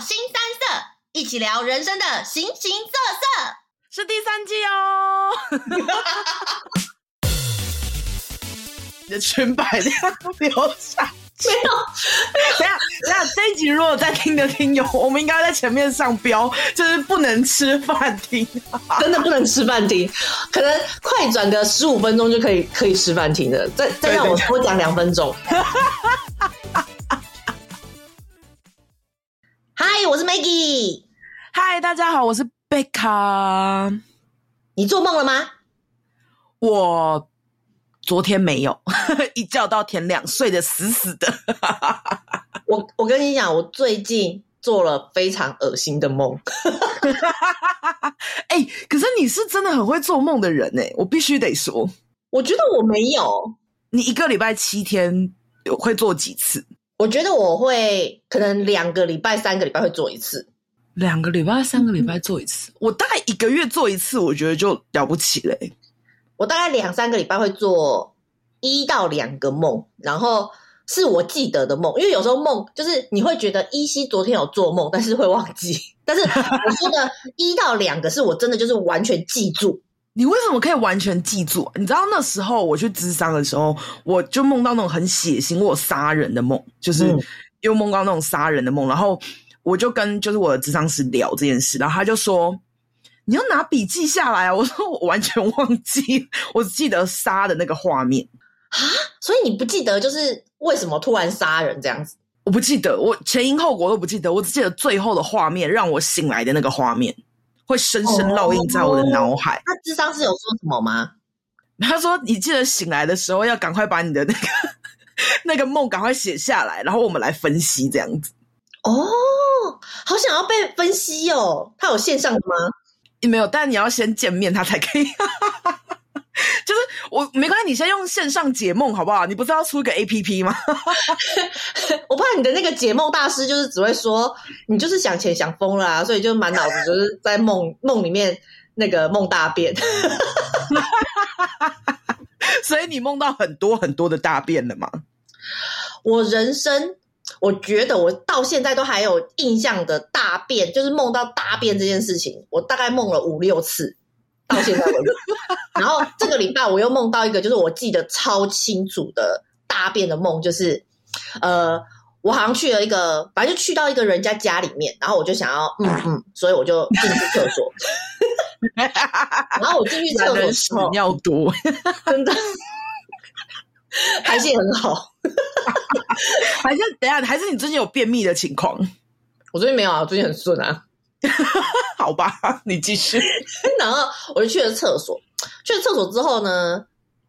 腥羶色一起聊人生的形形色色，是第三季哦。 你的裙擺都要流下，沒有 等？等下等下，這一集如果在聽的聽友，我們應該要在前面上標，就是不能吃飯聽、啊，真的不能吃飯聽。可能快轉個十五分鐘就可以可以吃飯聽的，再再讓我多講兩分鐘。對對對 嗨，Hi, 我是 Maggie。嗨，大家好，我是貝卡。你做夢了嗎？我昨天沒有， 一覺到天亮，睡得死死的。 我我跟你講，我最近做了非常噁心的夢。哎、 欸，可是你是真的很會做夢的人哎、欸，我必須得說。我覺得我沒有。你一個禮拜七天會做幾次？我覺得我會可能兩個禮拜、三個禮拜會做一次，兩個禮拜、三個禮拜做一次，嗯。我大概一個月做一次，我覺得就了不起嘞。我大概兩三個禮拜會做一到兩個夢，然後是我記得的夢，因為有時候夢就是你會覺得依稀昨天有做夢，但是會忘記。但是我說的一到兩個是我真的就是完全記住。 你為什麼可以完全記住？你知道那時候我去諮商的時候，我就夢到那種很血腥、我殺人的夢，就是又夢到那種殺人的夢。嗯、然後我就跟就是我的諮商師聊這件事，然後他就說：“你要拿筆記下來啊！”我說：“我完全忘記，我只記得殺的那個畫面啊。”所以你不記得就是為什麼突然殺人這樣子？我不記得，我前因後果都不記得，我只記得最後的畫面，讓我醒來的那個畫面。會深深烙印在我的腦海。他、哦、智商是有說什麼嗎？他說：“你記得醒來的時候，要趕快把你的那個那個夢趕快寫下來，然後我們來分析這樣子。”哦，好想要被分析哦！他有線上的嗎？嗯、也沒有，但你要先見面，他才可以。 就是我沒關係，你先用線上解夢好不好？你不是要出一個 A P P 嗎？ 我怕你的那個解夢大師就是只會說你就是想錢想瘋了啊，所以就滿腦子就是在夢夢裡面那個夢大便， 所以你夢到很多很多的大便了嗎？我人生我覺得我到現在都還有印象的大便，就是夢到大便這件事情，我大概夢了五六次。到現在為止，然後這個禮拜我又夢到一個，就是我記得超清楚的大便的夢，就是，呃，我好像去了一個，反正就去到一個人家家裡面，然後我就想要，嗯嗯，所以我就進去廁所，然後我進去廁所，的時候，尿毒，真的，還是很好，還是等下還是你最近有便秘的情況？我最近沒有啊，最近很順啊。 好吧，你繼續。然後我就去了廁所，去了廁所之後呢，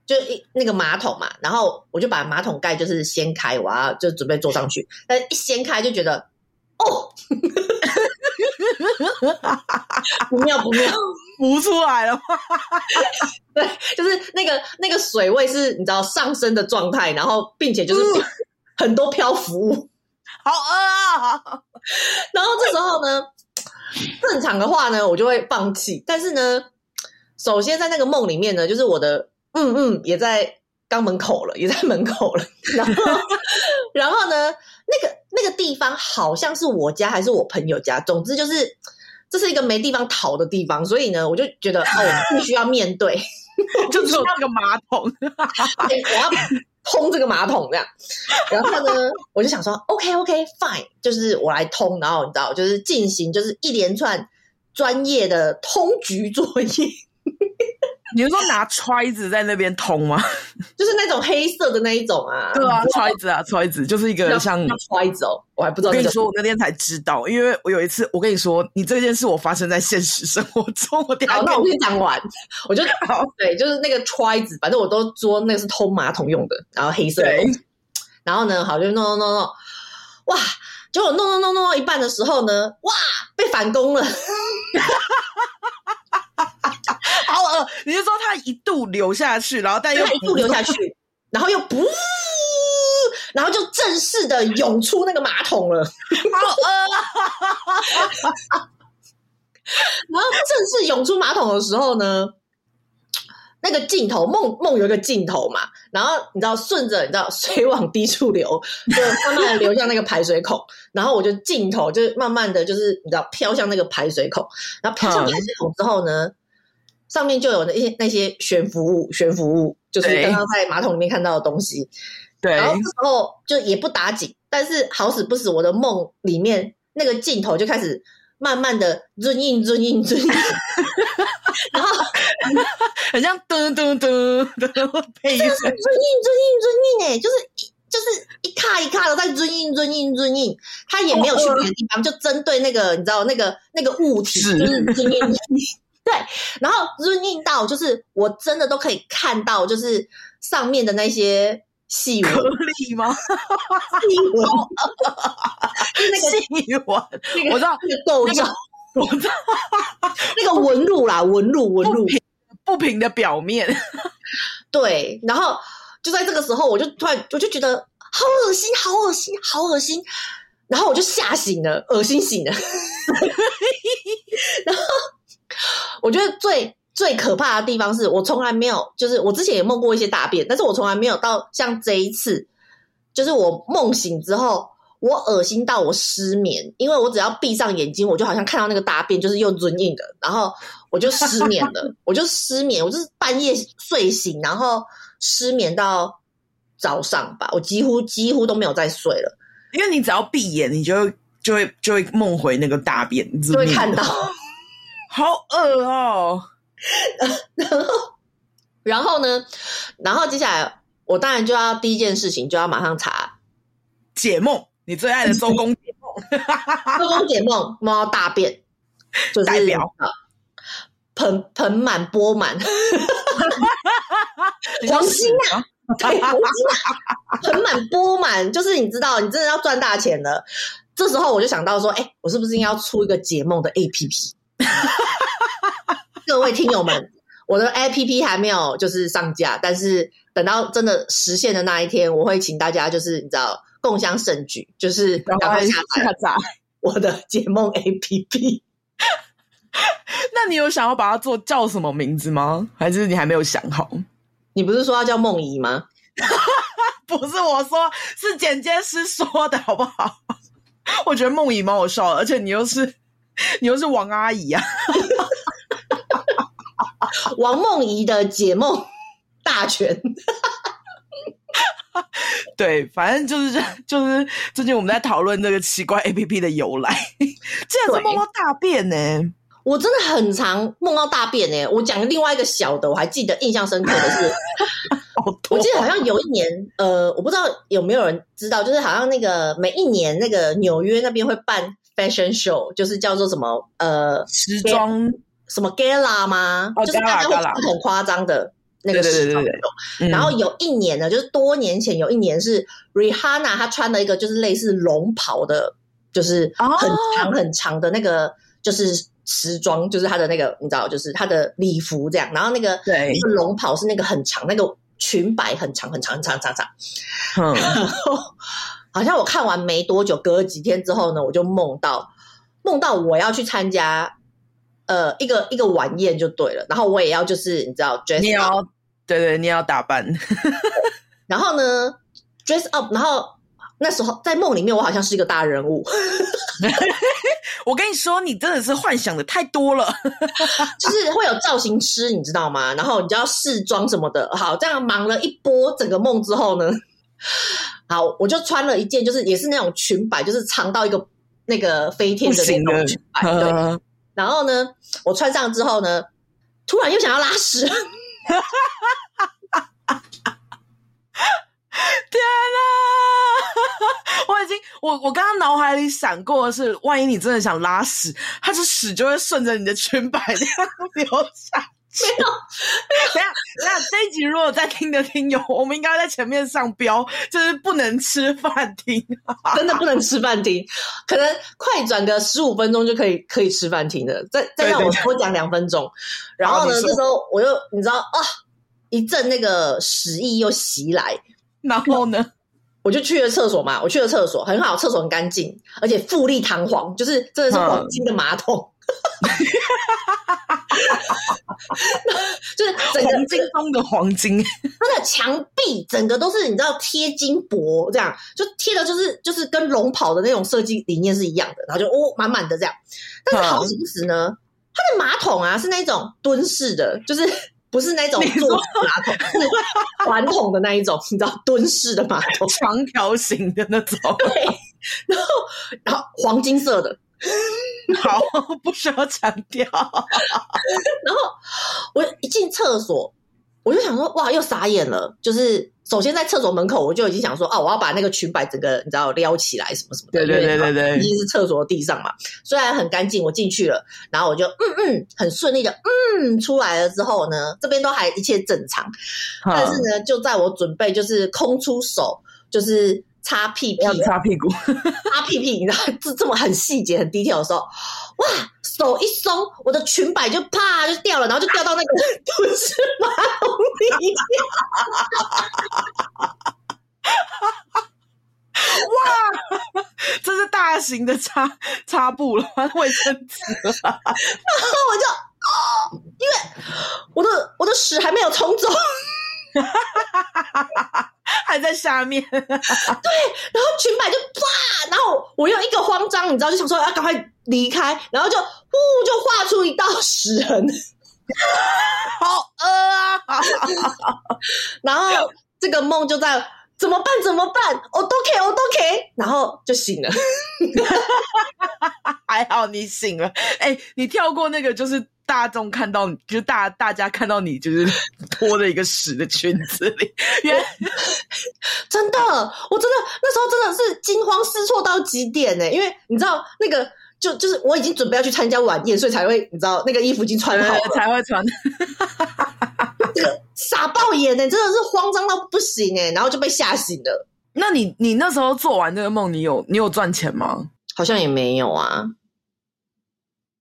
就一那個馬桶嘛，然後我就把馬桶蓋就是掀開，我要就準備坐上去，但是一掀開就覺得，哦， 不妙不妙， 浮出來了。 對，就是那個那個水位是你知道上升的狀態，然後並且就是很多漂浮物， 好餓啊！然後這時候呢。正常的話呢，我就會放棄。但是呢，首先在那個夢裡面呢，就是我的嗯嗯也在肛門口了，也在門口了。然後， 然後呢，那個那個地方好像是我家還是我朋友家，總之就是這是一個沒地方逃的地方。所以呢，我就覺得哦，我們必須要面對，就是那個馬桶， 我要。通這個馬桶這樣，然後呢， 我就想說，OK OK fine，就是我來通，然後你知道，就是進行就是一連串專業的通局作業。 你是說拿搋子在那邊通嗎？就是那種黑色的那一種啊，對啊，搋對子啊，搋子，子就是一個像搋子、哦，我還不知道、那個。跟你說，我那天才知道，因為我有一次，我跟你說，你這件事我發生在現實生活中。好，我那我先講完，我就好。對，就是那個搋子，反正我都說那個是通馬桶用的，然後黑色的。對然後呢，好就弄弄弄弄，哇！結果弄弄弄弄到一半的時候呢，哇，被反攻了。 好噁！呃、你就說他一度流下去，然後但又一度流下去，然後又不，然後就正式的湧出那個馬桶了。好惡！呃、 然後正式湧出馬桶的時候呢？那個鏡頭，夢夢有一個鏡頭嘛，然後你知道順着你知道水往低處流，就慢慢的流向那個排水口， 然後我就鏡頭就慢慢的就是你知道飄向那個排水口，然後飄向排水口之後呢，嗯、上面就有那些那些懸浮物，懸浮物就是剛剛在馬桶裡面看到的東西，對，然後就也不打緊，但是好死不死我的夢裡面那個鏡頭就開始慢慢的潤印潤印潤印。 然後。好像噔噔噔噔，我配音。就是潤印、潤印、潤印哎，就是一就是一卡一卡的在潤印、潤印、潤印。他也沒有去別的地方，就針對那個你知道那個那個物體對，然後潤印到就是我真的都可以看到，就是上面的那些細紋嗎？細紋，細紋，我知道那個紋路啦，紋路紋路。不平的表面，對，然後就在這個時候，我就突然，我就覺得好噁心，好噁心，好噁心，然後我就嚇醒了，噁心醒了， 然後我覺得最最可怕的地方是我從來沒有，就是我之前也夢過一些大便，但是我從來沒有到像這一次，就是我夢醒之後，我噁心到我失眠，因為我只要閉上眼睛，我就好像看到那個大便就是用 zoom in 的，然後。 我就失眠了，我就失眠，我就是半夜睡醒，然後失眠到早上吧，我幾乎幾乎都沒有再睡了。因為你只要閉眼，你就就會就會夢回那個大便，就會看到， 好噁喔、喔。 然後，然後呢？然後接下來，我當然就要第一件事情就要馬上查解夢，你最愛的周公解夢， 周公解夢夢到大便，就是代表盆盆滿缽滿，黃金啊，啊，啊！對，黃金啊！盆滿缽滿，就是你知道，你真的要賺大錢了。這時候我就想到說，哎，我是不是應該要出一個解夢的 A P P？各位聽友們，我的 A P P 還沒有就是上架，但是等到真的實現的那一天，我會請大家就是你知道，共襄盛舉，就是趕快下載我的解夢 A P P。 那你有想要把它做叫什麼名字嗎？還是你還沒有想好？你不是說要叫夢怡嗎？ 不是我說，是剪接師說的，好不好？我覺得夢怡蠻好笑，而且你又是你又是王阿姨啊， 王夢怡的解夢大全。 對，反正就是這，就是最近我們在討論這個奇怪 APP 的由來，竟 然是貓貓大便呢、欸。我真的很常夢到大便誒、欸！我講另外一個小的，我還記得印象深刻的是， 多哦、我記得好像有一年，呃，我不知道有沒有人知道，就是好像那個每一年那個紐約那邊會辦 fashion show，就是叫做什麼呃時裝裝什麼 gala 嗎？Oh, 就是大家會很誇張的那個時裝，那對對對，然後有一年呢，嗯、就是多年前有一年是 Rihanna 她穿了一個就是類似龍袍的，就是很長很長的那個就是。時裝就是他的那個，你知道，就是他的禮服這樣，然後那個對龍袍是那個很長，那個裙擺很長很長很長很長很長然後好像我看完沒多久，隔了幾天之後呢，我就夢到夢到我要去參加呃一個一個晚宴就對了，然後我也要就是你知道，dress up 你要對對，你要打扮，然後呢，dress up，然後。那時候在夢裡面，我好像是一個大人物。 我跟你說，你真的是幻想的太多了，就是會有造型師，你知道嗎？然後你就要試裝什麼的。好，這樣忙了一波整個夢之後呢，好，我就穿了一件，就是也是那種裙擺，就是長到一個那個飛天的那個裙擺。然後呢，我穿上之後呢，突然又想要拉屎。 天啊！ 我已經，我我剛剛腦海裡閃過的是，萬一你真的想拉屎，它的屎就會順着你的裙擺這樣流下去。沒有，等下，等下， 這一集如果在聽的聽友，我們應該在前面上標，就是不能吃飯聽，啊，真的不能吃飯聽。可能快轉個十五分鐘就可以，可以吃飯聽的。再再讓我們多講兩分鐘，然後呢，這時候我又你知道啊，一陣那個屎意又襲來，然後呢？ 我就去了廁所嘛，我去了廁所，很好，廁所很乾淨，而且富麗堂皇，就是真的是黃金的馬桶，嗯、 就是整個黃金光的黃金，它的牆壁整個都是你知道貼金箔這樣，就貼的就是就是跟龍袍的那種設計理念是一樣的，然後就哦滿滿的這樣，但是好事時呢，它的馬桶啊是那種蹲式的，就是。不是那種坐馬桶，你說 是傳統的那一種， 你知道蹲式的馬桶，長條形的那種 對，然後，然後黃金色的， 好，不需要強調， 然後我一進廁所。我就想說，哇，又傻眼了。就是首先在廁所門口，我就已經想說，哦、啊，我要把那個裙擺整個你知道撩起來什麼什麼的。對對對對對，已經是廁所的地上嘛，雖然很乾淨，我進去了，然後我就嗯嗯很順利的嗯出來了之後呢，這邊都還一切正常，好 但是呢，就在我準備就是空出手就是擦屁屁，擦屁股， 擦屁屁，你知道這這麼很細節很低調的時候。哇！手一鬆，我的裙襬就啪就掉了，然後就掉到那個就是馬桶裡。啊、 哇！這是大型的擦擦布了，衛生紙了。然後、 啊、我就啊，因為我的我的屎還沒有沖走。哈， 還在下面。 對，然後裙擺就啪，然後我用一個慌張，你知道，就想說要趕快離開，然後就呼，就畫出一道石痕， 好噁噁啊！ 然後這個夢就在怎麼辦？怎麼辦？我都可以，我都可以，然後就醒了。 還好你醒了，哎、欸，你跳過那個就是。大眾看到你就大，大家看到你就是拖著一個屎的裙子裡， 原來真的，我真的那時候真的是驚慌失措到極點、欸、因為你知道那個就就是我已經準備要去參加晚宴，所以才會你知道那個衣服已經穿好了才會穿， 傻爆眼呢、欸，真的是慌張到不行哎、欸，然後就被嚇醒了。那你你那時候做完這個夢，你有你有賺錢嗎？好像也沒有啊。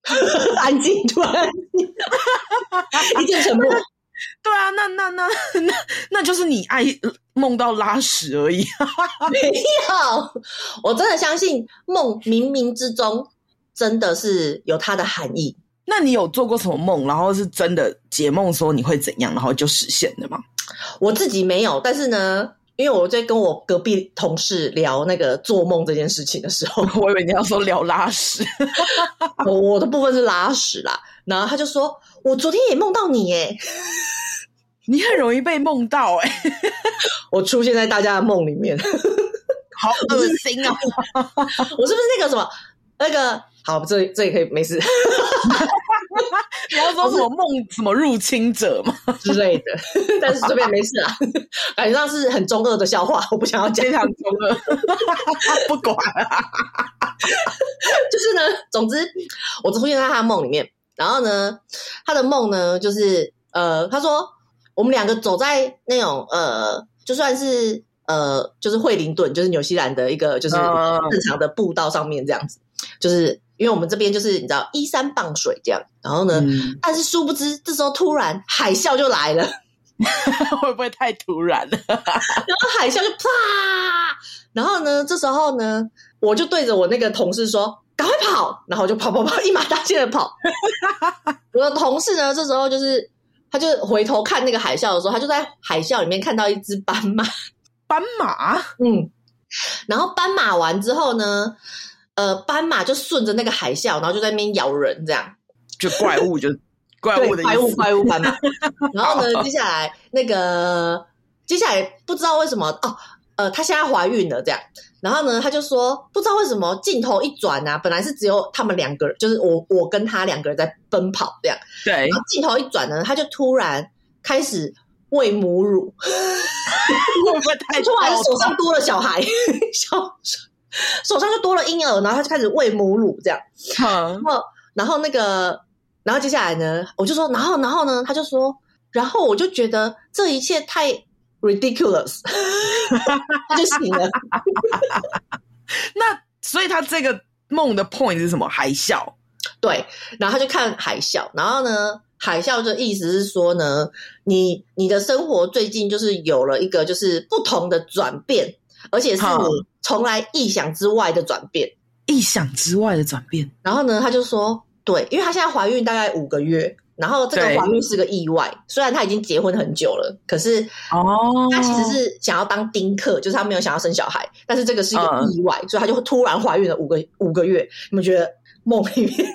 安靜，對，安靜 一見沉默，對啊，那那那那，那就是你愛夢到拉屎而已，沒 有。我真的相信夢冥冥之中真的是有它的含義。那你有做過什麼夢，然後是真的解夢說你會怎樣，然後就實現的嗎？我自己沒有，但是呢。因為我在跟我隔壁同事聊那個做夢這件事情的時候，我以為你要說聊拉屎， 我的部分是拉屎啦，然後他就說：“我昨天也夢到你誒、欸，你很容易被夢到誒、欸，我出現在大家的夢裡面，好噁心啊！ 我是不是那個什麼那個？好，這這也可以沒事。 ”你要說什麼夢什麼入侵者嘛之類的？但是這邊沒事啦，啊，感覺上是很中二的笑話， 我不想要講這樣 中二。不管，啊， 就是呢，總之我只出現在他的夢裡面，然後呢，他的夢呢就是呃，他說我們兩個走在那種呃，就算是呃，就是惠靈頓，就是紐西蘭的一個就是正常的步道上面這樣子，嗯，就是。因為我們這邊就是你知道依山傍水這樣，然後呢，嗯、但是殊不知這時候突然海嘯就來了，會不會太突然了？ 然後海嘯就啪，然後呢，這時候呢，我就對着我那個同事說：“趕快跑！”然後我就跑跑跑，一馬大勁的跑。 我的同事呢，這時候就是他就回頭看那個海嘯的時候，他就在海嘯裡面看到一隻斑馬。斑馬，嗯，然後斑馬完之後呢？呃，斑馬就順着那個海嘯，然後就在那邊咬人，這樣，就怪物，就怪物的意思 怪物怪物斑 馬。然後呢，好接下來那個，接下來不知道為什麼哦，呃，她現在懷孕了，這樣。然後呢，他就說不知道為什麼鏡頭一轉呢，啊，本來是只有他們兩個人，就是我我跟他兩個人在奔跑這樣。對。然後鏡頭一轉呢，他就突然開始餵母乳，突然 手上多了小孩， 小。手上就多了嬰兒，然後他就開始餵母乳這樣。嗯、然後，然後那個，然後接下來呢，我就說，然後，然後呢，他就說，然後我就覺得這一切太 ridiculous。他就醒了。那所以他這個夢的 point 是什麼？海嘯。對，然後他就看海嘯。然後呢，海嘯的意思是說呢，你你的生活最近就是有了一個就是不同的轉變。而且是我從來意想之外的轉變，意想之外的轉變。然後呢，他就說，對，因為他現在懷孕大概五個月，然後這個懷孕是個意外。雖然他已經結婚很久了，可是哦，他其實是想要當丁克，就是他沒有想要生小孩，但是這個是一個意外，嗯、所以他就突然懷孕了五個五個月。你們覺得夢裡面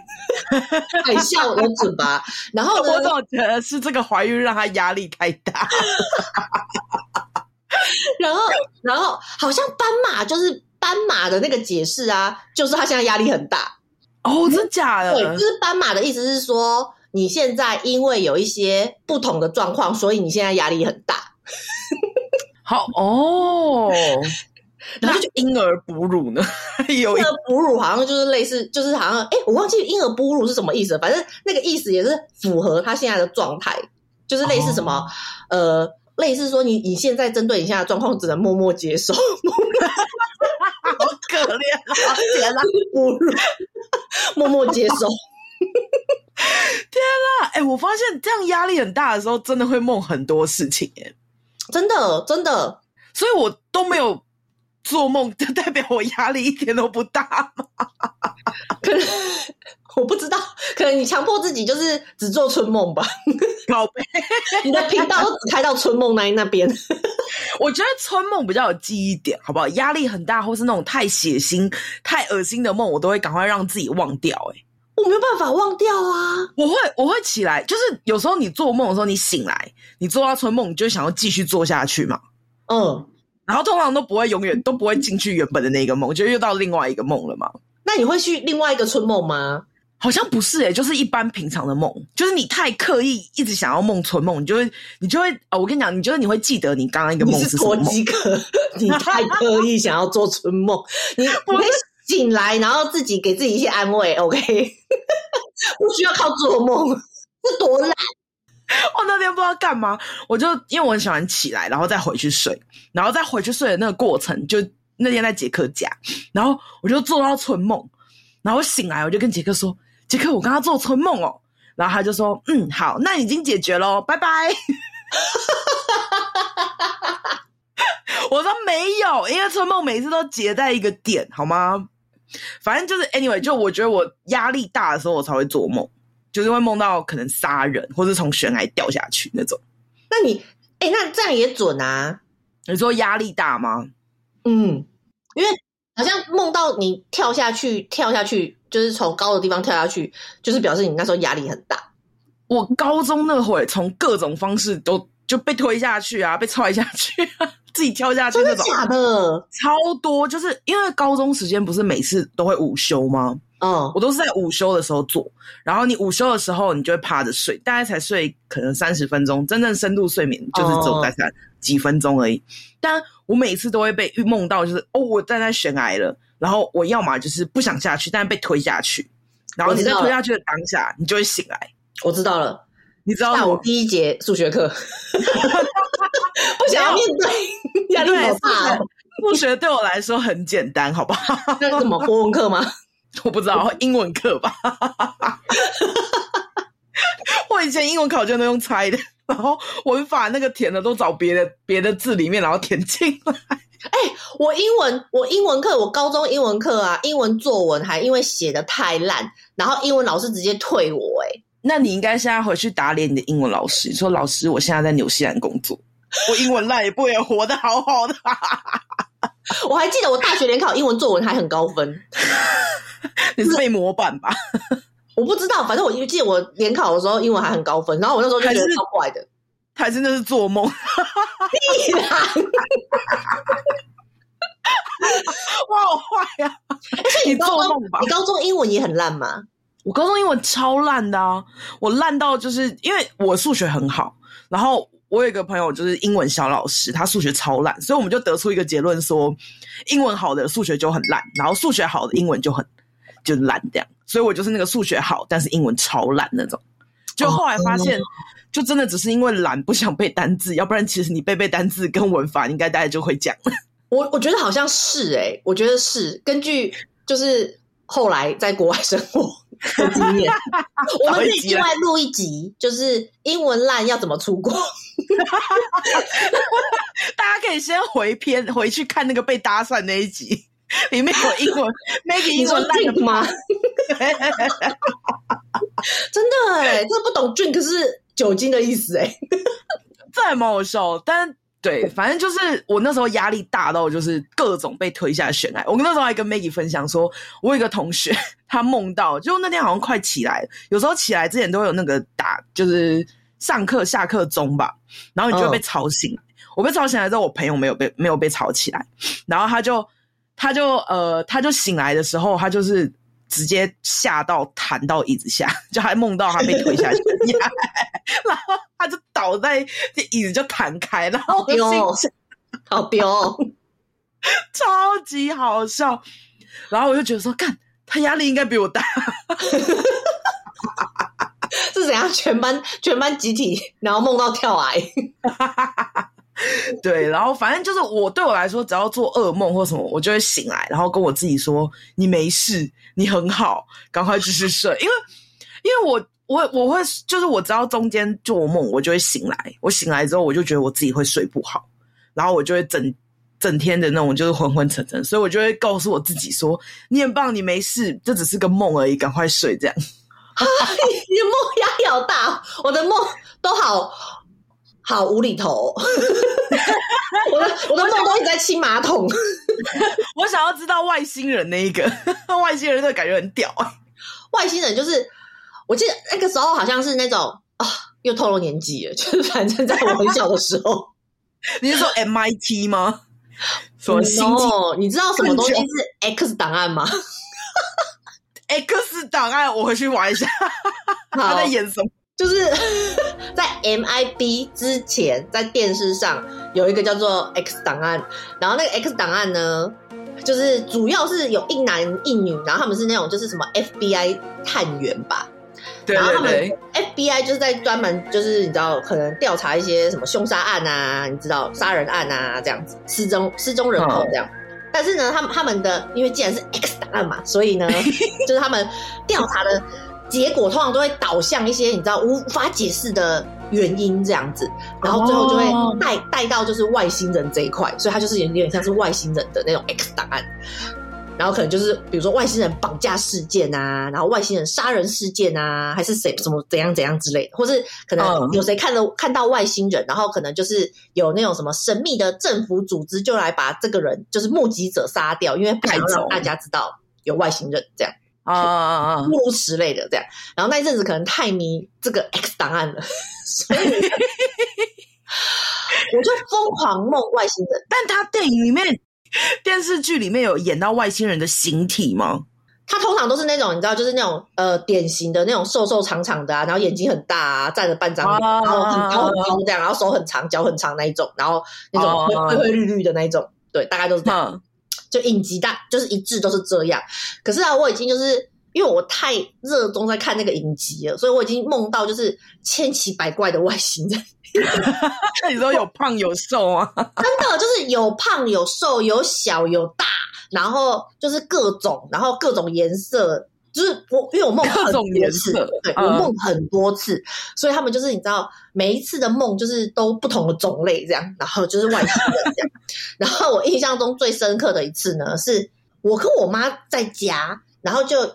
還笑得很準吧？然後呢，我總覺得是這個懷孕讓他壓力太大。 然後，然後好像斑馬就是斑馬的那個解釋啊，就是他現在壓力很大哦，真的假的？對，就是斑馬的意思是說，你現在因為有一些不同的狀況，所以你現在壓力很大。 好哦， 然後就那嬰兒哺乳呢？有嬰兒哺乳好像就是類似，就是好像哎，我忘記嬰兒哺乳是什麼意思，反正那個意思也是符合他現在的狀態，就是類似什麼、哦、呃。類似說你你現在針對你現在的狀況，只能默默接受， 好可憐、啊，天啦、 啊， 默默接受， 天啦、啊，哎、欸，我發現這樣壓力很大的時候，真的會夢很多事情、欸，哎，真的真的，所以我都沒有。做夢就代表我壓力一點都不大，可能我不知道，可能你強迫自己就是只做春夢吧。寶貝，你的頻道都只開到春夢那那邊。我覺得春夢比較有記憶點，好不好？壓力很大或是那種太血腥、太噁心的夢，我都會趕快讓自己忘掉。哎，我沒有辦法忘掉啊！我會，我會起來。就是有時候你做夢的時候，你醒來，你做到春夢，你就想要繼續做下去嘛？嗯。然後通常都不會永遠都不會進去原本的那個夢，就又到另外一個夢了嘛。那你會去另外一個春夢嗎？好像不是誒、欸、就是一般平常的夢。就是你太刻意一直想要夢春夢，你就會你就會哦，我跟你講，你覺得你會記得你剛剛一個夢是多飢渴？你太刻意想要做春夢， 你不會醒來，然後自己給自己一些安慰。OK， 不需要靠做夢，這 多爛。我、哦、那天不知道幹嘛，我就因為我很喜歡起來，然後再回去睡，然後再回去睡的那個過程，就那天在傑克家，然後我就做到春夢，然後我醒來我就跟傑克說：“傑克，我剛剛做春夢哦。”然後他就說：“嗯，好，那已經解決咯，拜拜。 ”我說沒有，因為春夢每次都結在一個點，好嗎？反正就是 anyway，就我覺得我壓力大的時候我才會做夢。就是會夢到可能殺人，或者從懸崖掉下去那種。那你，哎、欸，那這樣也準啊？你說壓力大嗎？嗯，因為好像夢到你跳下去，跳下去，就是從高的地方跳下去，就是表示你那時候壓力很大。我高中那會，從各種方式都就被推下去啊，被踹下去啊，自己跳下去啊，自己跳下去那種。真的假的？超多，就是因為高中時間不是每次都會午休嗎？嗯，oh. 我都是在午休的時候做，然後你午休的時候，你就會趴着睡，大概才睡可能三十分鐘，真正深度睡眠就是只有大概幾分鐘而已。Oh. 但我每次都會被預夢到，就是哦，我站在懸崖了，然後我要嘛就是不想下去，但是被推下去，然後你在推下去的當下，你就會醒來。我知道了，你知道嗎？下午第一節數學課， 不想要面對，壓力 好數、哦 大哦、 學對我來說很簡單，好不好？這是什麼播音課嗎？我不知道，英文課吧？ 我以前英文考卷，都用猜的，然後文法那個填的都找別的別的字裡面，然後填進來。哎、欸，我英文我英文課我高中英文課啊，英文作文還因為寫的太爛，然後英文老師直接退我、欸。哎，那你應該現在回去打臉你的英文老師，你說老師，我現在在紐西蘭工作，我英文爛也不會活得好好的。哈哈哈。 我還記得我大學聯考英文作文還很高分， 你是背模板吧？ 我不知道，反正我記得我聯考的時候英文還很高分，然後我那時候覺得好怪的，還真的是，是做夢？ 哇，好壞呀、啊！而且你，你做夢吧？你高中英文也很爛嗎？ 我高中英文超爛的啊，我爛到就是因為我數學很好，然後。我有一個朋友就是英文小老師，他數學超爛，所以我們就得出一個結論說，英文好的數學就很爛，然後數學好的英文就很就爛這樣。所以我就是那個數學好但是英文超爛那種。就後來發現，哦、就真的只是因為懶不想背單字，嗯哦、要不然其實你背背單字跟文法，應該大家就會講。我我覺得好像是誒、欸、我覺得是根據就是後來在國外生活。經驗， 啊、一我們可以另外錄一集，就是英文爛要怎麼出國 大家可以先回片回去看那個被搭訕那一集，裡 面有英文，沒 英文爛嗎？ 對 真的哎、欸，對真的不懂，drink 是酒精的意思哎、欸，這蠻好笑，但。對，反正就是我那時候壓力大到就是各種被推下懸崖。我那時候還跟 Maggie 分享說，我有一個同學，他夢到就那天好像快起來，有時候起來之前都會有那個打，就是上課下課鐘吧，然後你就會被吵醒。嗯。我被吵醒來之後，我朋友沒有被沒有被吵起來，然後他就他就呃，他就醒來的時候，他就是。直接嚇到彈到椅子下，就還夢到他被推下去， 然後他就倒在椅子就彈開，然後我好丟、哦，好丟、哦，超級好笑。然後我就覺得說，幹，他壓力應該比我大。是怎樣？全班全班集體，然後夢到跳崖。 對，然後反正就是我對我來說，只要做噩夢或什麼，我就會醒來，然後跟我自己說：“你沒事，你很好，趕快繼續睡。” 因為，因為我我我會就是我只要中間做夢，我就會醒來。我醒來之後，我就覺得我自己會睡不好，然後我就會整整天的那種就是昏昏沉沉，所以我就會告訴我自己說：“你很棒，你沒事，這只是個夢而已，趕快睡。”這樣， 你的夢牙咬大，我的夢都好。好無厘頭，喔 我！我的我的夢都一直在清馬桶我。 我想要知道外星人那一個，外星人的感覺很屌欸。外星人就是，我記得那個時候好像是那種啊，又透露年紀了，就是反正在我很小的時候。 你是說 MIT 嗎？ 什麼你知道什麼東西是 X 檔案嗎 ？X 檔案，我回去玩一下。他 好在演什麼？就是在 M I B 之前，在電視上有一個叫做 X 檔案，然後那個 X 檔案呢，就是主要是有一男一女，然後他們是那種就是什麼 F B I 探員吧，對，然後他們 F B I 就是在專門就是你知道可能調查一些什麼兇殺案啊，你知道殺人案啊這樣子，失蹤失蹤人口這樣，哦、但是呢，他們他們的因為既然是 X 檔案嘛，所以呢， 就是他們調查的。 結果通常都會導向一些你知道無無法解釋的原因這樣子，然後最後就會帶帶到就是外星人這一塊，所以他就是有點像是外星人的那種 X 檔案，然後可能就是比如說外星人綁架事件啊，然後外星人殺人事件啊，還是誰什麼怎樣怎樣之類的，或是可能有誰看了看到外星人，然後可能就是有那種什麼神秘的政府組織就來把這個人就是目擊者殺掉，因為不想讓大家知道有外星人這樣。啊啊啊！木石、uh, 類的這樣，然後那一陣子可能太迷這個 X 檔案了， 所以我就瘋狂夢外星人。但他電影裡面、電視劇裡面有演到外星人的形體嗎？他通常都是那種你知道，就是那種呃典型的那種瘦瘦長長長的啊，然後眼睛很大，啊，站着半張臉，然後很高很高這樣，然後手很長，腳很長那一種，然後那種灰灰綠綠的那一種，對，大概都是這樣。Uh, uh. 就影集，大就是一致都是這樣，可是啊，我已經就是因為我太熱衷在看那個影集了，所以我已經夢到就是千奇百怪的外星在那 你說有胖有瘦啊？ 真的就是有胖有瘦，有小有大，然後就是各種，然後各種顏色。就是我，因為我夢很多次，對我夢很多次，嗯、所以他們就是你知道，每一次的夢就是都不同的種類這樣，然後就是外星人這樣。 然後我印象中最深刻的一次呢，是我跟我媽在家，然後就有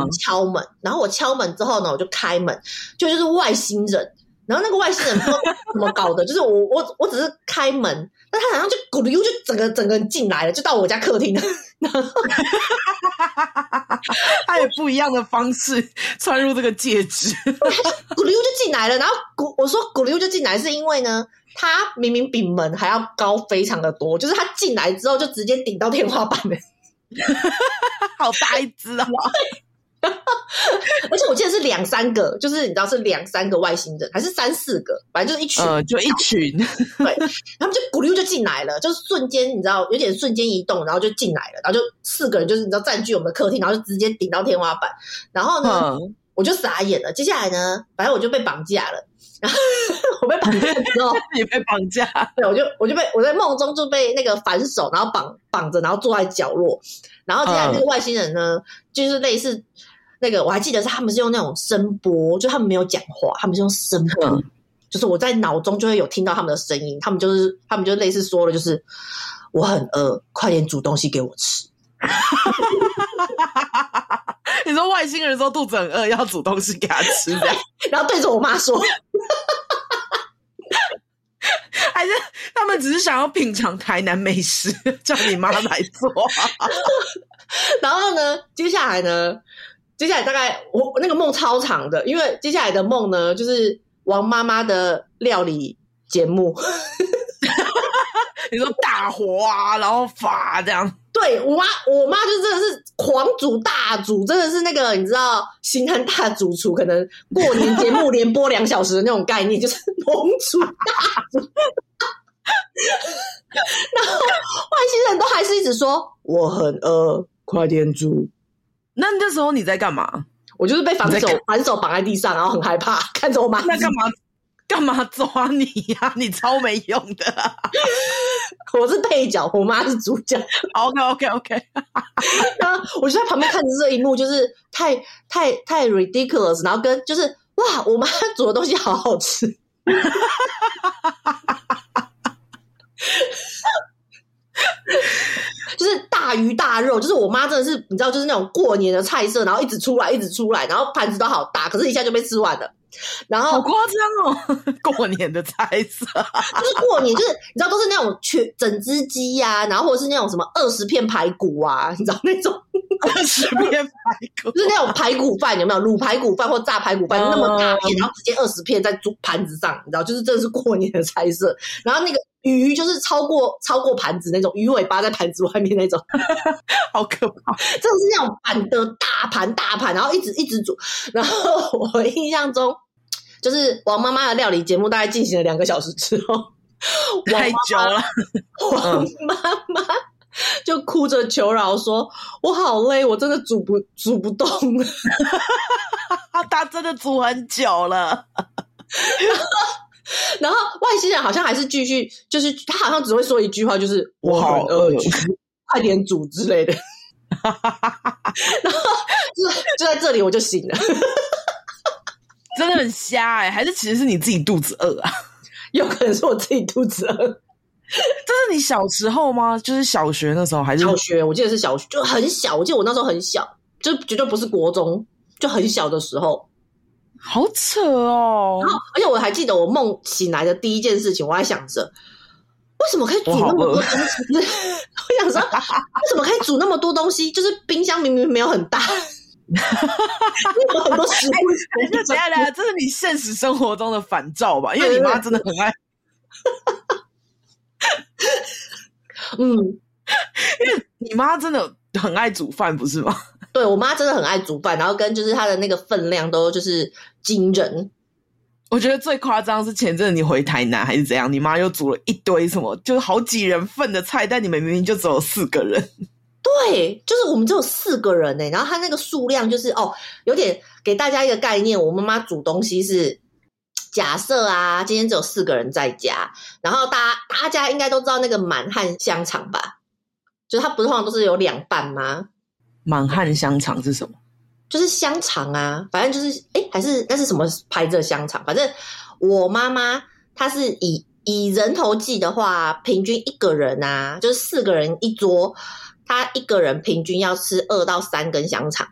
人敲門，好然後我敲門之後呢，我就開門，就就是外星人。然後那個外星人不知道怎麼搞的， 就是我我我只是開門，但他好像就咕嚕就整個整個進來了，就到我家客廳了。然 他以不一樣的方式穿入這個戒指，古麗烏就進來了。然後，古我說古麗烏就進來，是因為呢，他明明比門還要高非常的多，就是他進來之後就直接頂到天花板了， 好大一隻啊！ 而且我記得是兩三個，就是你知道是兩三個外星人，還是三四個，反正就是一群、呃，就一群。對， 他們就咕嚕就進來了，就是瞬間你知道有點瞬間移動，然後就進來了，然後就四個人就是你知道占據我們的客廳，然後就直接頂到天花板，然後呢、嗯、我就傻眼了。接下來呢，反正我就被綁架了，然 後我被綁架的時候也被綁架，對，我就我就被我在夢中就被那個反手然後綁綁着，然後坐在角落，然後接下來那個外星人呢，嗯、就是類似。那個我還記得是他們是用那種聲波，就他們沒有講話，他們是用聲波，嗯、就是我在腦中就會有聽到他們的聲音。他們就是他們就類似說的就是我很餓，快點煮東西給我吃。 你說外星人說肚子很餓，要煮東西給他吃，這樣 然後對着我媽說， 還是他們只是想要品嘗台南美食，叫你媽來做。 然後呢，接下來呢？接下來大概我那個夢超長的，因為接下來的夢呢，就是王媽媽的料理節目。 你說大火啊，然後發、啊、這樣，對我媽，我媽就真的是狂煮大煮，真的是那個你知道，型男大主廚可能過年節目連播兩小時的那種概念， 就是猛煮大煮。 然後外星人都還是一直說我很餓，快點煮。那那時候你在幹嘛？我就是被反手反手綁在地上，然後很害怕，看着我媽。你在幹嘛？幹嘛抓你呀、啊？你超沒用的、啊！ 我是配角，我媽是主角。OK OK OK。 然後我就在旁邊看着這一幕，就是太 太太 ridiculous，然後跟就是哇，我媽煮的東西好好吃。 大魚大肉，就是我媽真的是，你知道，就是那種過年的菜色，然後一直出來，一直出來，然後盤子都好大，可是一下就被吃完了。然後，好誇張哦，過年的菜色， 就是過年，就是你知道，都是那種全整隻雞呀，然後或者是那種什麼二十片排骨啊，你知道那種二十片排骨， 就是那種排骨飯，有沒有滷排骨飯或炸排骨飯，oh. 那麼大片，然後直接二十片在盤子上，你知道，就是這是過年的菜色，然後那個。魚就是超過超過盤子那種魚尾巴在盤子外面那種， 好可怕！這種是那種板的大盤大盤，然後一直一直煮。然後我印象中，就是王媽媽的料理節目大概進行了兩個小時之後，太久了，王媽媽就哭着求饒說：“嗯、我好累，我真的煮不煮不動了。” 他真的煮很久了。 然後外星人好像還是繼續，就是他好像只會說一句話，就是“我好餓，wow，餓了，快點煮之類的。” 然後就就在這裡我就醒了， 真的很瞎哎、欸！還是其實是你自己肚子餓啊？ 有可能是我自己肚子餓。 這是你小時候嗎？就是小學那時候還是？小學我記得是小學，就很小。我記得我那時候很小，就絕對不是國中，就很小的時候。好扯哦！然後，而且我還記得我夢醒來的第一件事情，我還想着為什麼可以煮那麼多東西？我想說為什麼可以煮那麼多東西？就是冰箱明明,明沒有很大，那麼 多食物、 哎。來來來， 這是你現實生活中的反照吧？因為你媽真的很愛， 嗯， 因為你媽真的很愛煮飯，不是嗎？對我媽真的很愛煮飯，然後跟就是她的那個分量都就是驚人。我覺得最誇張是前陣子你回台南還是怎樣，你媽又煮了一堆什麼，就是好幾人份的菜，但你們明明就只有四個人。對，就是我們只有四個人呢，欸。然後她那個數量就是哦，有點給大家一個概念，我媽媽煮東西是假設啊，今天只有四個人在家，然後大家大家應該都知道那個滿漢香腸吧？就它不是通常都是有兩半嗎？滿漢香腸是什麼？就是香腸啊，反正就是哎、欸，還是那是什麼牌子的香腸？反正我媽媽她是以以人頭計的話，平均一個人啊，就是四個人一桌，她一個人平均要吃二到三根香腸。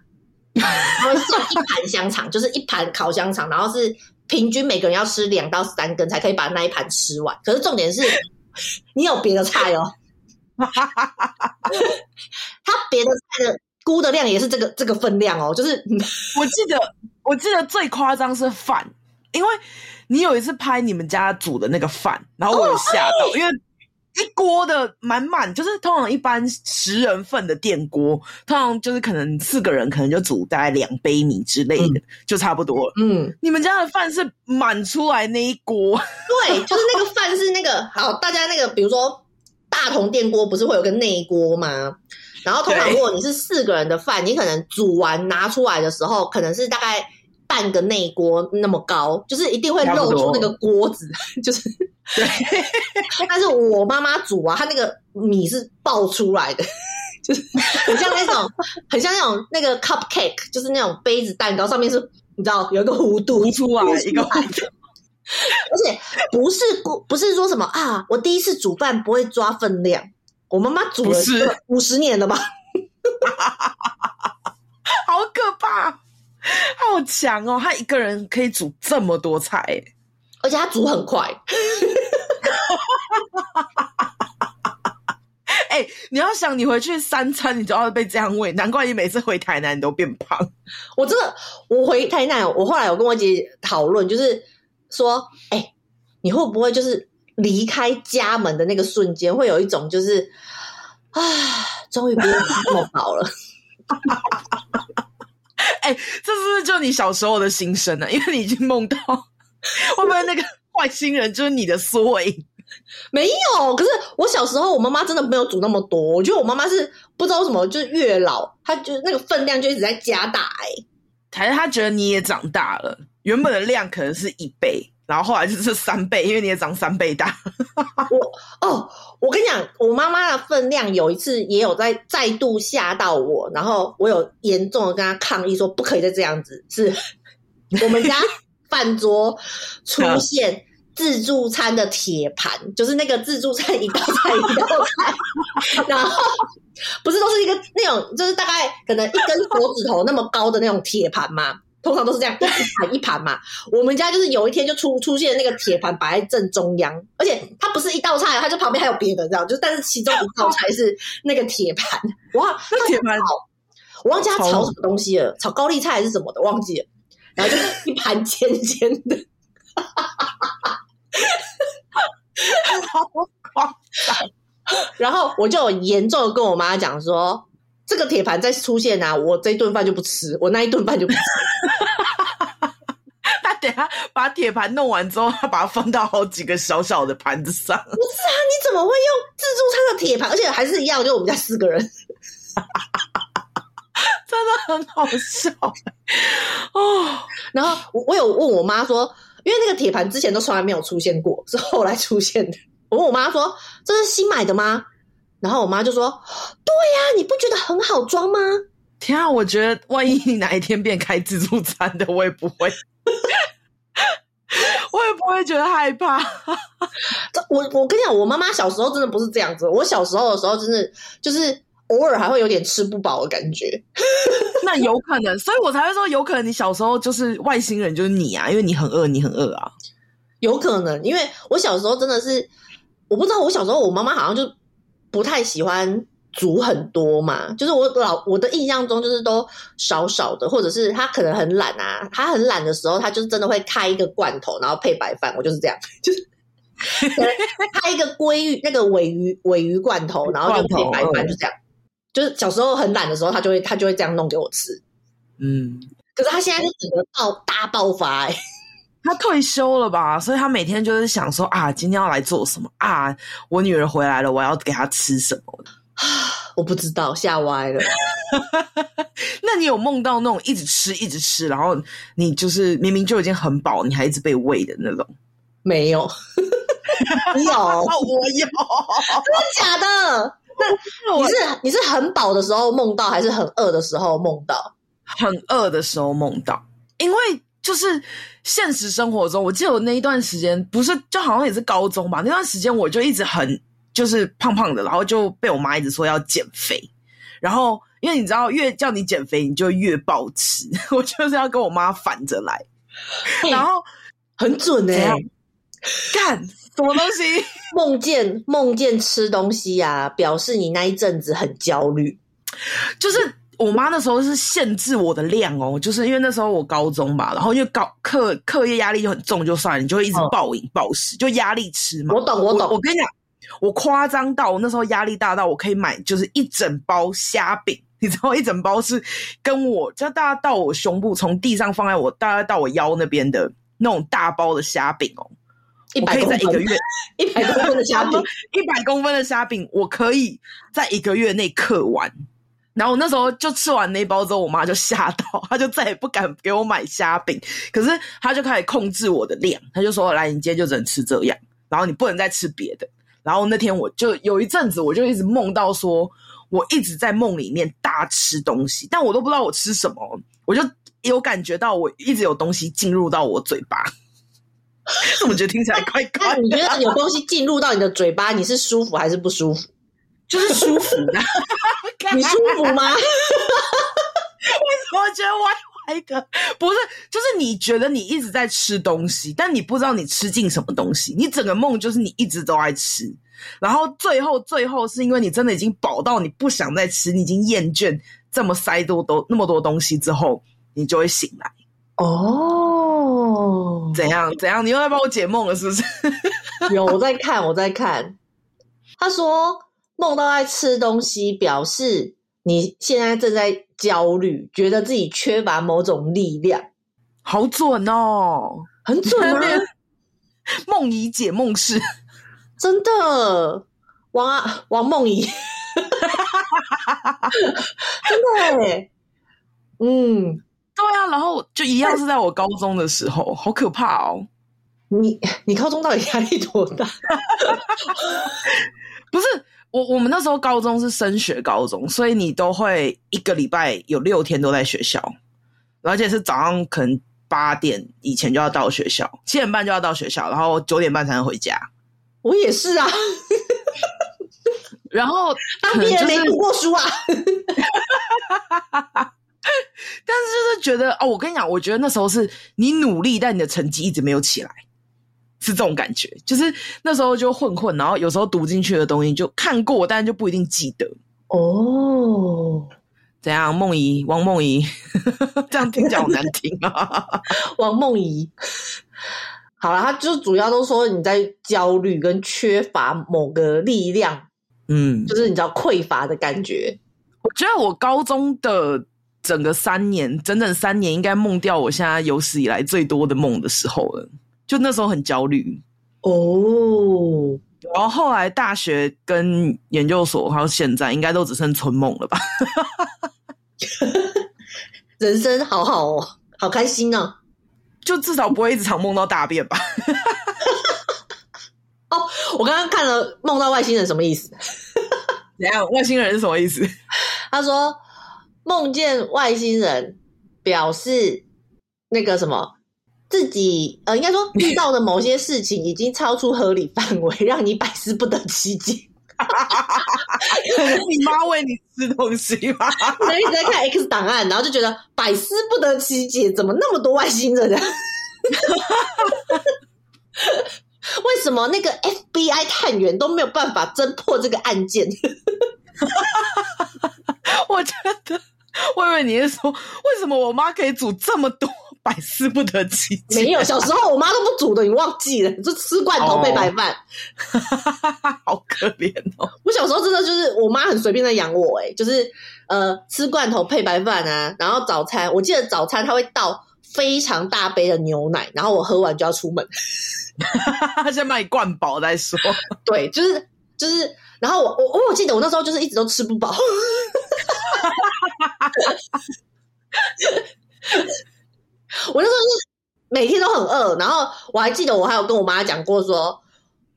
然後是一盤香腸， 就是一盤烤香腸，然後是平均每個人要吃兩到三根才可以把那一盤吃完。可是重點是 你有別的菜哦、喔，她別 的菜的。菇的量也是這個這個分量哦，就是 我記得我記得最誇張是飯，因為你有一次拍你們家煮的那個飯，然後我有嚇到，哦哎、因為一鍋的滿滿，就是通常一般十人份的電鍋，通常就是可能四個人可能就煮大概兩杯米之類的，嗯、就差不多了。嗯，你們家的飯是滿出來那一鍋？對，就是那個飯是那個 好，大家那個比如說大同電鍋不是會有個內鍋嗎？然後通常如果你是四個人的飯，對你可能煮完拿出來的時候，可能是大概半個內鍋那麼高，就是一定會露出那個鍋子，就是。對，但是，我媽媽煮啊，她那個米是爆出來的，就是很像那種，很像那種那個 cupcake，就是那種杯子蛋糕，上面是，你知道有一個弧度出來一個弧度，而且不是不是說什麼啊，我第一次煮飯不會抓分量。我媽媽煮了五十年了吧，不是 好可怕，好強哦！她一個人可以煮這麼多菜，而且她煮很快。哎、 欸，你要想，你回去三餐，你都要被這樣餵，難怪你每次回台南你都變胖。我真的，我回台南，我後來我跟我姐討論，就是說，哎、欸，你會不會就是？離開家門的那個瞬間，會有一種就是啊，終於不用吃那麼飽了。哎，這是不是就你小時候的心聲呢？啊？因為你已經夢到會不會那個外星人就是你的縮影？ 沒有，可是我小時候我媽媽真的沒有煮那麼多，我覺得我媽媽是不知道什麼，就是越老她就那個分量，就一直在加大。哎、欸，還是她覺得你也長大了，原本的量可能是一倍。然後後來就是三倍，因為你也長三倍大。 我哦，我跟你講，我媽媽的分量有一次也有在再度嚇到我，然後我有嚴重的跟她抗議說不可以再這樣子。是我們家飯桌出現自助餐的鐵盤， 就是那個自助餐一道菜一道菜， 然後不是都是一個那種，就是大概可能一根手指頭那麼高的那種鐵盤嗎？通常都是這樣，一盤一盤嘛。 我們家就是有一天就出出現那個鐵盤擺在正中央，而且它不是一道菜，它就旁邊還有別的，這樣就但是其中一道才是那個鐵盤，哇，那鐵盤好它，我忘記他炒什麼東西了，美炒高麗菜還是什麼的我忘記了，然後就是一盤尖尖的， 好誇狂張的， 然後我就有嚴重的跟我媽講說。這個鐵盤再出現啊，我這一頓飯就不吃，我那一頓飯就不吃。 他等下把鐵盤弄完之後，他把它放到好幾個小小的盤子上。不是啊，你怎麼會用自助餐的鐵盤？而且還是一樣，就我們家四個人， 真的很好笑哦。 然後我我有問我媽說，因為那個鐵盤之前都從來沒有出現過，是後來出現的。我問我媽說，這是新買的嗎？然後我媽就說：“對呀、啊，你不覺得很好裝嗎？”天啊，我覺得萬一你哪一天變開自助餐的，我也不會， 我也不會覺得害怕 我。我我跟你講，我媽媽小時候真的不是這樣子。我小時候的時候，真的就是偶爾還會有點吃不飽的感覺 。 那有可能，所以我才會說，有可能你小時候就是外星人，就是你啊，因為你很餓，你很餓啊，有可能。因為我小時候真的是，我不知道，我小時候我媽媽好像就。不太喜歡煮很多嘛，就是我老我的印象中就是都少少的，或者是他可能很懶啊，他很懶的時候，他就是真的會開一個罐頭，然後配白飯，我就是這樣，就是 開一個鮭魚那個鮪魚鮪魚罐頭，然後就配白飯，頭就這樣，嗯、就是小時候很懶的時候，他就會他就會這樣弄給我吃，嗯，可是他現在是整個爆大爆發哎、欸。他退休了吧，所以他每天就是想說啊，今天要來做什麼啊？我女兒回來了，我要給她吃什麼？啊？我不知道，嚇歪了。 那你有夢到那種一直吃、一直吃，然後你就是明明就已經很飽，你還一直被餵的那種？沒有，有 要、 啊，我有，真的假的？那你是你是很飽的時候夢到，還是很餓的時候夢到？很餓的時候夢到，嗯、因為。就是現實生活中，我記得我那一段時間不是就好像也是高中吧？那段時間我就一直很就是胖胖的，然後就被我媽一直說要減肥。然後因為你知道，越叫你減肥，你就越暴吃。我就是要跟我媽反着來，嘿，然後很準欸。幹什麼東西？夢見夢見吃東西呀，表示你那一陣子很焦慮，就是。我媽那時候是限制我的量哦，就是因為那時候我高中嘛，然後因為課課業壓力就很重，就算你就會一直暴飲暴食，哦、就壓力吃嘛。我懂，我懂我。我跟你講，我誇張到我那時候壓力大到我可以買就是一整包蝦餅，你知道一整包是跟我，就大家到我胸部從地上放在我，大概到我腰那邊的那種大包的蝦餅哦，可以在一百 公分的蝦餅，一百 公分的蝦餅，一百公分的蝦餅，我可以在一個月內嗑完。然後我那時候就吃完那一包之後，我媽就嚇到，她就再也不敢給我買蝦餅。可是她就開始控制我的量，她就說：“來，你今天就只能吃這樣，然後你不能再吃別的。”然後那天我就有一陣子，我就一直夢到說，我一直在夢裡面大吃東西，但我都不知道我吃什麼，我就有感覺到我一直有東西進入到我嘴巴。 我覺得聽起來怪怪的。你覺得有東西進入到你的嘴巴，你是舒服還是不舒服？就是舒服的。啊， 你舒服嗎？為什 麼覺得歪歪的？不是，就是你覺得你一直在吃東西，但你不知道你吃進什麼東西。你整個夢就是你一直都愛吃，然後最後最後是因為你真的已經飽到你不想再吃，你已經厭倦這麼塞多都那麼多東西之後，你就會醒來。哦、oh，怎樣怎樣？你又來幫我解夢了，是不是？ 有，我在看，我在看，他說。夢到在吃東西，表示你現在正在焦慮，覺得自己缺乏某種力量，好準哦！很準、啊、嗎？夢怡解夢是真的，王啊，王夢怡， 真的、欸，嗯，對啊，然後就一樣是在我高中的時候，好可怕哦！你你高中到底壓力多大？ 不是。我我們那時候高中是升學高中，所以你都會一個禮拜有六天都在學校，而且是早上可能八點以前就要到學校，七點半就要到學校，然後九點半才能回家。我也是啊， 然後當年、就是啊、也沒讀過書啊， 但是就是覺得哦，我跟你講，我覺得那時候是你努力，但你的成績一直沒有起來。是這種感覺，就是那時候就混混，然後有時候讀進去的東西就看過，但是就不一定記得哦。Oh. 怎樣？夢怡，王夢怡， 這樣聽講好難聽啊。 王夢怡，好啦，他就主要都說你在焦慮跟缺乏某個力量，嗯，就是你知道匱乏的感覺。我覺得我高中的整個三年，整整三年，應該夢掉我現在有史以來最多的夢的時候了。就那時候很焦慮哦，oh, 然後後來大學跟研究所，還有現在，應該都只剩春夢了吧？ 人生好好哦，好開心啊、哦！就至少不會一直常夢到大便吧？ 哦，我剛剛看了夢到外星人什麼意思？ 等下外星人是什麼意思？ 他說夢見外星人表示那個什麼。自己呃，應該說遇到的某些事情已經超出合理範圍， 讓你百思不得其解。 你媽喂你吃東西嗎？我一直在看《X 檔案》，然後就覺得百思不得其解，怎麼那麼多外星人啊？ 為什麼那個 FBI 探員都沒有辦法偵破這個案件？ 我覺得，我以為你是說，為什麼我媽可以煮這麼多？百思不得其解，啊。沒有，小時候我媽都不煮的，你忘記了？就吃罐頭配白飯，oh. 好可憐哦。我小時候真的就是我媽很隨便在養我，欸，哎，就是呃，吃罐頭配白飯啊，然後早餐，我記得早餐她會倒非常大杯的牛奶，然後我喝完就要出門，先把你灌飽再說。對，就是就是，然後我我我，我記得我那時候就是一直都吃不飽。 我那時候是每天都很餓，然後我還記得我還有跟我媽講過說，說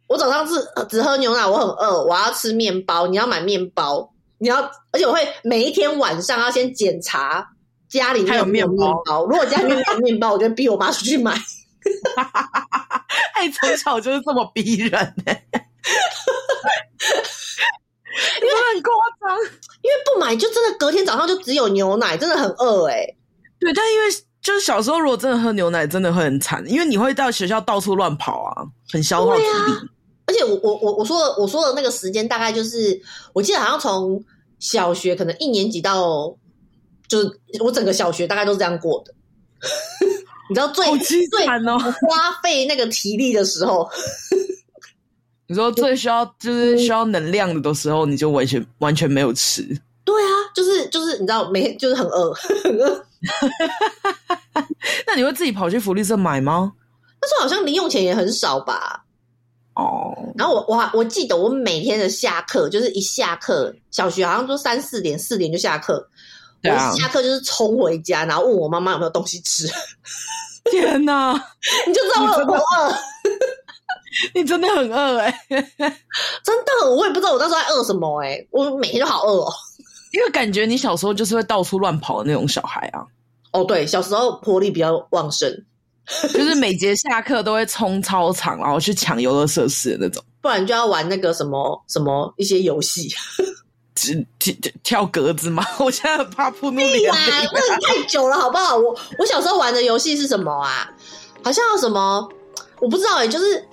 我早上是只喝牛奶，我很餓，我要吃麵包，你要買麵包，你要，而且我會每一天晚上要先檢查家裡還有沒有麵包，如果家裡面沒有麵包， 我就逼我媽出去買。哎，從小就是這麼逼人哎、欸， 因為很誇張，因為不買就真的隔天早上就只有牛奶，真的很餓哎、欸。對，但因為。就是小時候，如果真的喝牛奶，真的會很慘，因為你會到學校到處亂跑啊，很消耗體力，啊。而且我我我我說的我說的那個時間大概就是，我記得好像從小學可能一年級到，就是我整個小學大概都是這樣過的。 你知道最最慘哦，花費那個體力的時候， 你說最需要就是需要能量的時候，我你就完全完全沒有吃。對啊，就是就是，你知道，每天就是很餓。很餓 那你會自己跑去福利社買嗎？那時候好像零用錢也很少吧。哦。Oh. 然後我我我記得我每天的下課就是一下課，小學好像就三四點四點就下課。啊、我下課就是衝回家，然後問我媽媽有沒有東西吃。天哪、啊！ 你就知道我有多餓。你真的很餓哎、欸。真的，我也不知道我那時候在餓什麼哎、欸。我每天就好餓哦。因為感覺你小時候就是會到處亂跑的那種小孩啊！哦，對，小時候活力比較旺盛， 就是每節下課都會衝操場，然後去搶遊樂設施的那種。不然就要玩那個什麼什麼一些遊戲，跳跳跳格子嗎？我現在很怕撲那個。那太久了，好不好？我我小時候玩的遊戲是什麼啊？好像什麼我不知道哎、欸，就是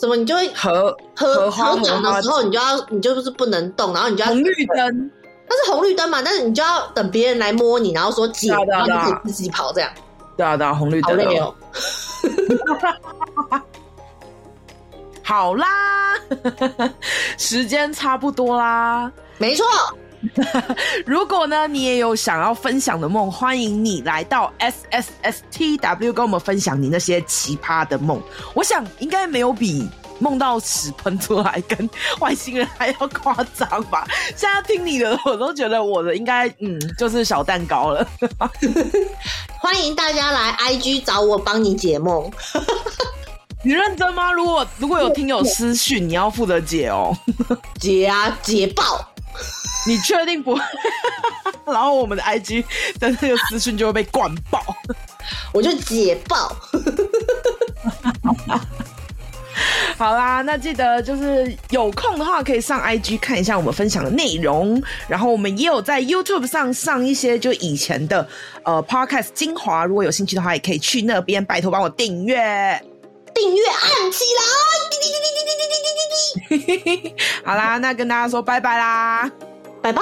什麼你就會喝喝，和轉和和的時候，你就要和你就是不能動，然後你就要紅綠燈。那是紅綠燈嘛？但是你就要等別人來摸你，然後說“解”，然後你自己自己跑這樣。對啊對啊，紅綠燈。好累哦。 好啦， 時間差不多啦。沒錯。 如果呢，你也有想要分享的夢，歡迎你來到 S S S T W，跟我們分享你那些奇葩的夢。我想應該沒有比。夢到屎噴出來，跟外星人還要誇張吧？現在聽你的，我都覺得我的應該嗯，就是小蛋糕了。 歡迎大家來 IG 找我幫你解夢。 你認真嗎？如果如果有聽友私訊，你要負責解哦。 解啊解爆！ 你確定不？ 然後我們的 IG 的那個私訊就會被灌爆， 我就解爆。 好啦，那記得就是有空的話，可以上 IG 看一下我們分享的內容。然後我們也有在 YouTube 上上一些就以前的呃 Podcast 精華，如果有興趣的話，也可以去那邊。拜託幫我訂閱，訂閱按起來，滴滴滴滴滴滴滴滴滴滴。好啦，那跟大家說拜拜啦，拜拜。